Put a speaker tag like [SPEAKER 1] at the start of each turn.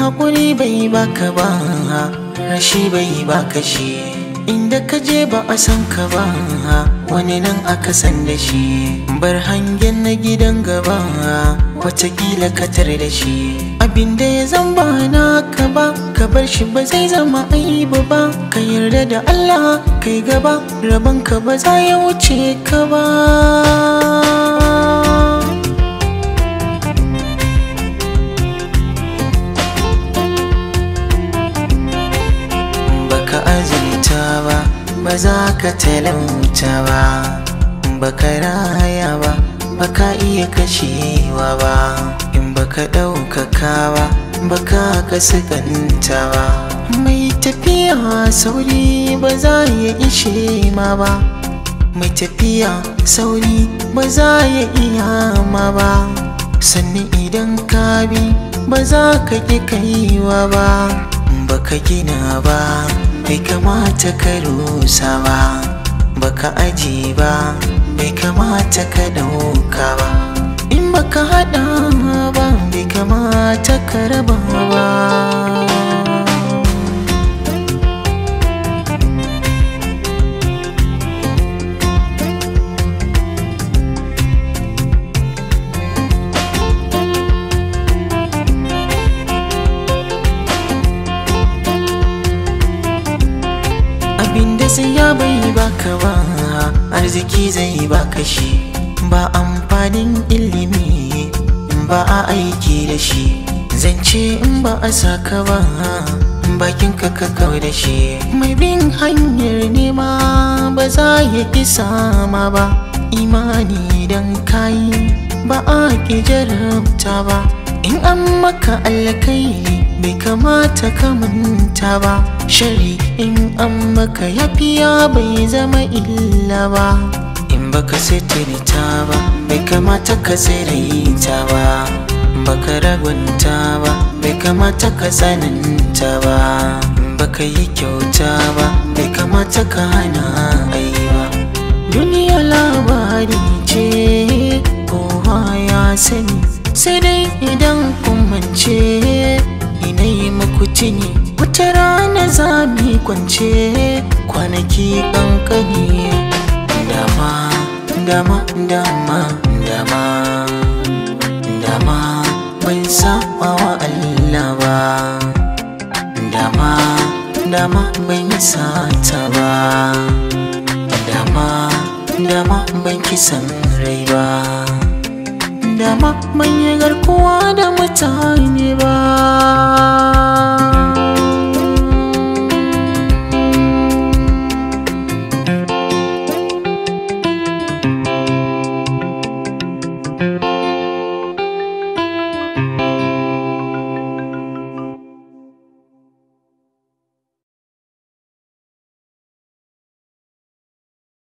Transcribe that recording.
[SPEAKER 1] Hakuri bai baka ba rashi bai baka shi inda ka je ba a san ka ba wani nan aka san da shi bar hangen na gidan gaba watakila ka tare da shi abinda ya zan ba ka ba ka bar shi ba zai zama aibu ba ka yarda da Allah kai gaba rabon ka ba za ya wuce ka ba ba za ka talauta ba baka raya ba baka iya kashewa ba in baka ɗaukaka ba baka ganta ba mai tafiya sauri ba za ya ishe ma ba mai tafiya sauri ba za ya iya ma ba sannan idan ka bi ba za ka ƙi kaiwa ba Ba ka gina ba bai kamata ka rusa ba baka aji ba bai kamata ka dauka ba in baka hada ba bai kamata ka raba ba sai ya bai baka ba arziki zai baka shi ba amfanin ilimi ba a aiki da shi zance in ba a saka ba bakin ka kakau da shi mai bin hanyar nema ba za ya ki sama ba imani don kayi ba a ki jarabta ba in an maka alkaili bai kamata ka manta ba shari in an maka yafiya bai zama illa ba in baka ta ba bai kamata ka ta ba baka ragunta ba bai kamata ka tsananta ba baka yi kyauta ba bai kamata ka hana ai ba duniya labari ce kowa ya sani sai dai idan kumance ina yi muku cinye wata rana za mu kwance kwanaki kankani dama dama dama dama dama bai saba wa Allah ba dama dama bai sata ba dama dama ban kisan rai ba dama ban yi garkuwa da mutane ba